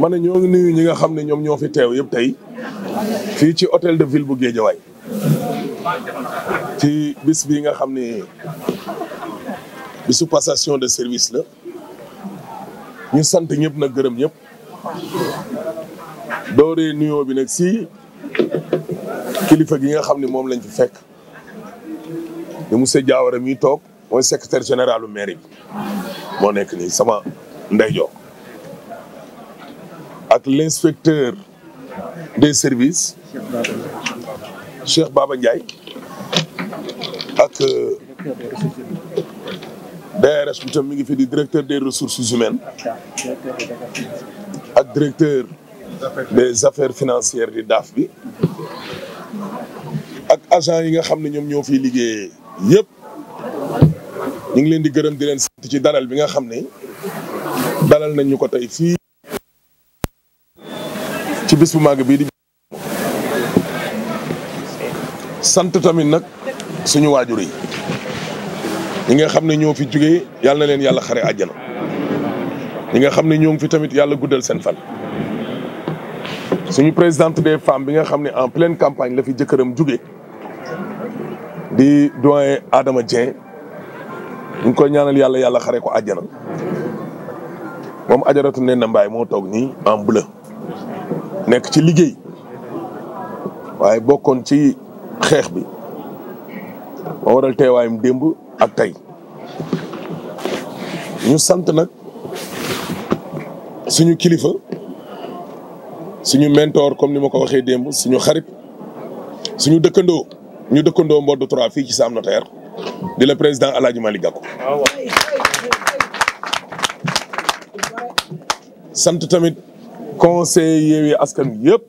ma ne ñoo ngi nuyu ñi nga xam ne ñoom ñoo fi teew yëpp tey fii ci hôtel de ville bu Guédiawaye ci bis bi nga xam ne bisu passation de service la ñu sant ñëpp na gërëm ñëpp dooree nuyoo bi nag si kilifa gi nga xam ne moom lañ fi fekk ñu monsieur Diawara mi toog mooy secrétaire général u mairie bi moo nekk ni sama ndeyjoor ak l'inspecteur des services Cheikh Baba Ndiaye ak euh, DRS bi tam mi ngi fi di directeur des ressources humaines ak directeur des affaires financières di DAF bi ak agent yi nga xam ne ñoom ñoo fiy liggéeye yëpp ñu ngi leen di gërëm di leen sant ci dalal bi nga xam ne dalal nañ ko tey fii ci bis bu màgg bii di sant tamit nag suñu waajur yi ñi nga xam ne ñoo fi jógee yàlla na leen yàlla xare àjjana ñi nga xam ne ñoo ngi fi tamit yàlla guddal seen fan suñu présidente des femme bi nga xam ne en plen campagne la fi jëkkëram jógee di doyen Adama Dieng ñu ngi koy ñaanal yàlla yàlla xare ko àjjana moom ajaratu ne na mbaay moo toog nii en bleu nekk ci liggéey waaye bokkoon ci xeex bi ma waral teewaayam démb ak tey ñu sant nag suñu kilifa suñu mentor comme ni ma ko waxee démb suñu xarit suñu dëkkandoo ñu dëkkandoo mbodd 3 fii ci Sam Notaire di la président El Hadj Malick ah sant tamit. conseil Yewwi Askan Wi yëpp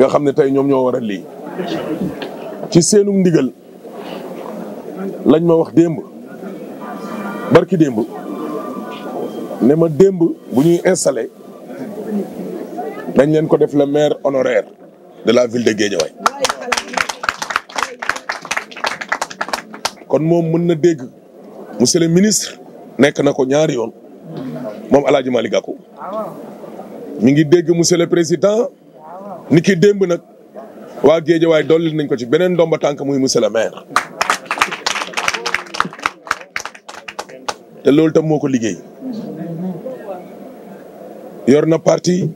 nga xam ne tey ñoom ñoo war a lii ci seenum ndigal lañ ma wax démb barki démb ne ma démb bu ñuy installé dañ leen ko def la maire honoraire de la ville de Guédiawaye kon moom mën na dégg monsieur le ministre nekk na ko ñaari yoon moom El Hadj Malick mi ngi dégg monsieur le président ni ki démb nag waa Géejawaay dolli nañ ko ci beneen ndomba tànk muy monsieur le maire. te loolu tam moo ko liggéey yor na parti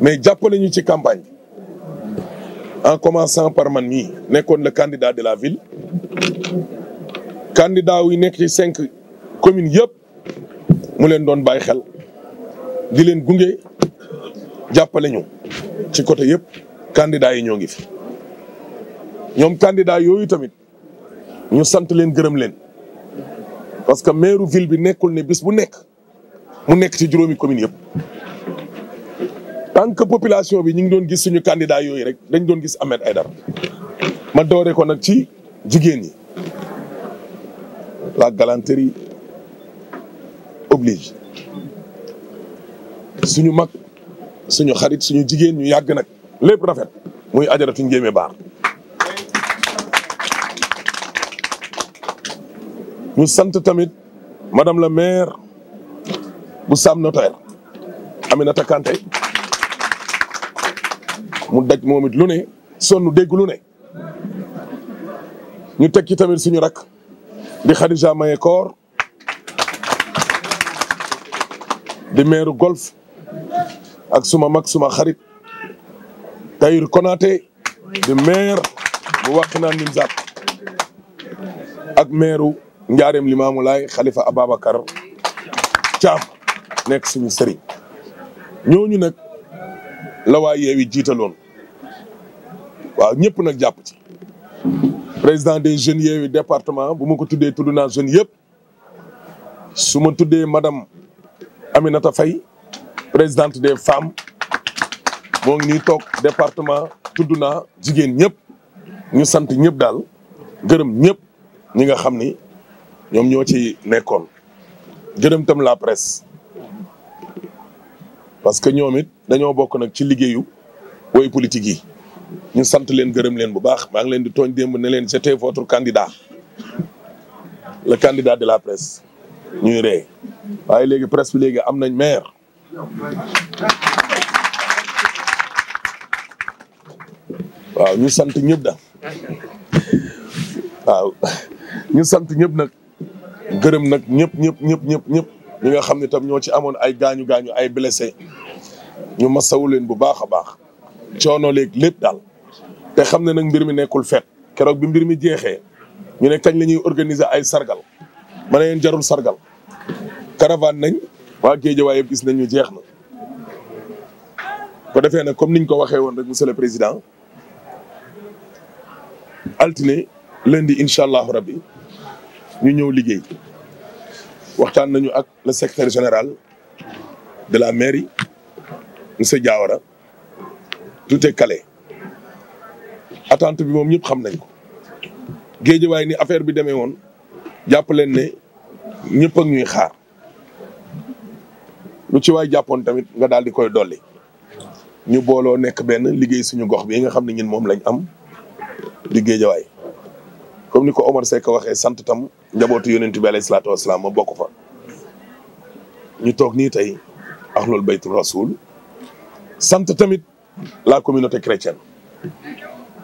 mais jàppale ñu ci campagne en commençant par man mii nekkoon le candidat de la ville candidat yu nekk ci cinq communes yëpp mu leen doon bàyyi xel. di leen gunge jàppale ñu ci côté yëpp candidats yi ñoo ngi fi ñoom candidat yooyu tamit ñu sant leen gërëm leen parce que maire ville bi nekkul ne bis bu nekk mu nekk ci juróomi commune yëpp tant que population bi ñu ngi doon gis suñu candidat yooyu rek dañ doon gis Ahmed dar ma doore ko nag ci jigéen ñi la galanterie oblige suñu mag suñu xarit suñu jigéen ñu yàgg nag lépp rafet muy ajaratuñ jéemee baax ñu sant tamit madame la maire bu Sam Notaire Aminata Kanté mu daj moom it lu ne sonn dégg lu ne ñu teg ci tamit suñu rak di Khadija Maye Koor di maire golf ak suma mag suma xarit Tahirou Konaté di maire bu Wakhinane Nimzatt ak maireu Ndiarème Limamoulaye Khalifa Ababacar Thiam nekk suñu sëriñ ñooñu nag la waa Yewwi jiitaloon waaw ñëpp nag jàpp ci président des jeunes Yewwi département bu ma ko tuddee tudd naa jeunes yëpp su ma tuddee madame Aminata Faye présidente de femme moo ngi nii toog département tudd jigéen ñëpp ñu sant ñëpp daal gërëm ñëpp ñi nga xam ni ñoom ñoo ci nekkoon gërëm tam la presse parce que ñoom it dañoo bokk nag ci liggéeyu woy politique yi ñu sant leen gërëm leen bu baax maa ngi leen di tooñ démb ne leen j'étais votre candidat le candidat de la presse ñuy ree waaye léegi presse bi léegi am nañ maire waaw ñu sant ñëpp da waaw ñu sant ñëpp nag gërëm nag ñëpp ñëpp ñëpp ñëpp ñëpp ñi nga xam ne tam ñoo ci amoon ay gaañu gaañu ay blessé ñu masawu leen bu baax a baax coono léeg lépp daal te xam ne nag mbir mi nekkul fet keroog bi mbir mi jeexee ñu ne kañ la ñuy organiser ay sargal ma ne leen jarul sargal caravane nañ waa Géejawaay waaye gis nañu jeex na ko defee nag comme niñ ko waxee woon rek monsieur le président altine lundi incha allahu rabbi ñu ñëw liggéey waxtaan nañu ak le secrétaire général de la mairie monsieur Diawara tout est calé attente bi moom ñëpp xam nañ ko waay ni affaire bi demee woon jàpp leen ne ñëpp ñuy xaar lu ci waay jàppoon tamit nga daal di koy dolli ñu booloo nekk benn liggéey suñu gox bi nga xam ne ñun moom lañ am di géejawaay comme ni ko Omar Seck waxee sant tam njabootu yonent bi alayhi salaatu wasalaam ma bokk fa ñu toog nii tey ahlul baytul rasul sant tamit la communauté chrétienne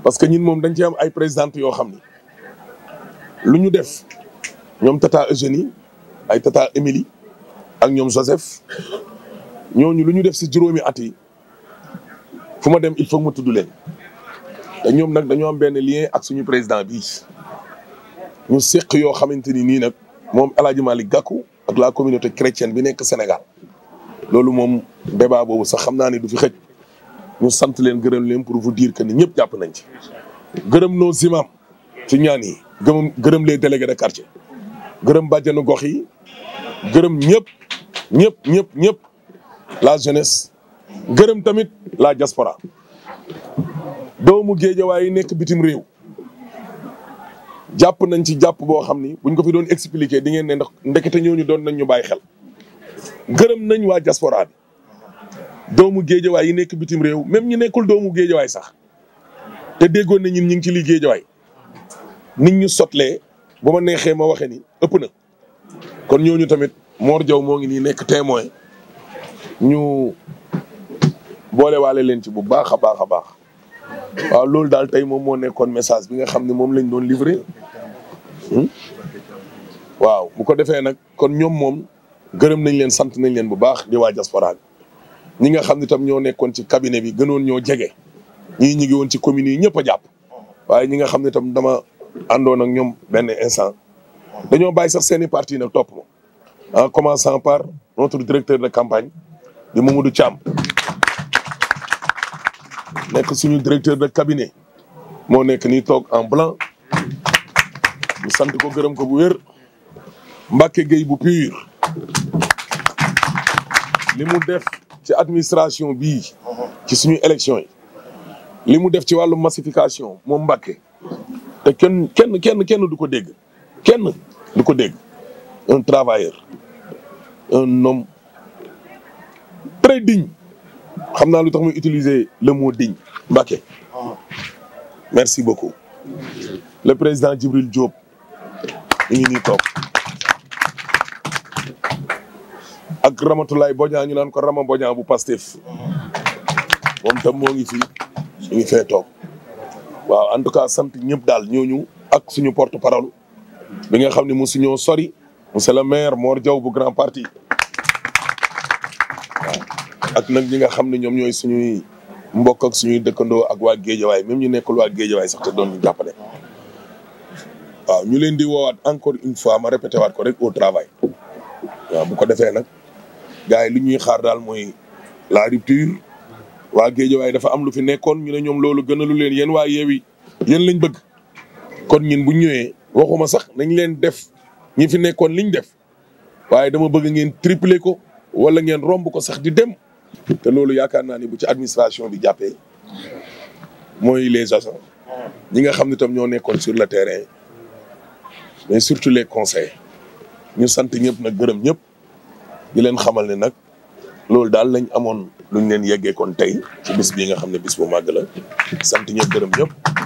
parce que ñun moom dañ ci am ay présidente yoo xam ni lu ñu def ñoom tata Eugénie ay tata Émilie ak ñoom Joseph ñooñu lu ñu def si juróomi at yi fu ma dem il faut ma tudd leen te ñoom nag dañoo am benn lien ak suñu président bi ñu séq yoo xamante ni nii nag moom El Hadj gàkku Gakou ak la communauté chrétienne bi nekk Sénégal loolu moom débat boobu sax xam naa ne du fi xëj ñu sant leen gërëm leen pour vous diir que ni ñëpp jàpp nañ ci. gërëm nos imam ci ñaan yi gërëm gërëm les délégués de gërëm bàjjenu gox yi gërëm ñëpp. ñëpp ñëpp ñëpp la jeunesse gërëm tamit la jaspora doomu géejawaay yi nekk bitim réew jàpp nañ ci jàpp boo xam ni buñ ko fi doon expliquer di ngeen ne ndax ndekete ñooñu doon nañ ñu bàyyi xel gërëm nañ waa jaspora bi doomu géejawaay yi nekk bitim réew même ñi nekkul doomu géejawaay sax te déggoon na ñun ñu ngi ci li géejawaay nit ñu sotle ba ma neexee ma waxe ni ëpp na kon ñooñu tamit Mor jaw moo ngi nii nekk témoin ñu boolewaale leen ci bu baax a baax a baax waaw loolu daal tey moom moo nekkoon message bi nga xam ne moom lañ doon livré hmm? waaw bu ko defee nag kon ñoom moom gërëm nañ leen sant nañ leen bu baax di waa diaspora bi ñi nga xam ne tam ñoo nekkoon ci cabinet bi gënoon ñoo jege ñi ñu woon ci communes yi ñëpp a jàpp waaye ñi nga xam ne tam dama àndoon ak ñoom benn instant dañoo bàyyi sax seen i parti nag topp ma en commençant par notre directeur de campagne di Mamadou Thiam nekk suñu directeur de cabinet moo nekk nii toog en blanc ñu sant ko gërëm ko bu wér Mbacke Gueye bu pur li mu def ci administration bii ci suñu élection yi li mu def ci wàllu massification moom mbake te kenn kenn kenn kenn du ko dégg kenn du ko dégg un travailleur un homme très digne xam naa lu tax muy utiliser le mot digne Mbacké merci beaucoup le président Djibril Diop ñu ngi nii toog ak Ramatoulaye Bodian ñu naan ko Rama Bodian bu Pastef moom tam moo ngi fi ñu ngi fee toog waaw en tout cas sant ñëpp daal ñooñu ak suñu porte parole bi nga xam ne mosu ñoo sori monsieur le maire Mor jaw bu grand parti waaw ak nag ñi nga xam ne ñoom ñooy suñuy mbokk ak suñuy dëkkandoo ak waa géejawaay même ñu nekkul waa géejawaay sax te doon jàppale waaw ñu leen di woowaat encore une fois ma répété waat ko rek au travail waaw bu ko defee nag gars lu ñuy xaar daal mooy la rupture waa géejawaay dafa am lu fi nekkoon ñu ne ñoom loolu gënalu leen yéen waa yeewi yen lañ bëgg kon ñun bu ñëwee waxuma sax nañ leen def ñi fi nekkoon liñ def waaye dama bëgg ngeen tripler ko wala ngeen romb ko sax di dem te loolu yaakaar naa ni bu ci administration bi jàppee mooy les agents ñi nga xam ne tam ñoo nekkoon sur le terrain mais surtout les conseils ñu sant ñëpp nag gërëm ñëpp di leen xamal ne nag loolu daal lañ amoon luñ leen yeggee kon tey ci bis bii nga xam ne bis bu màgg la sant ñëpp gërëm ñëpp.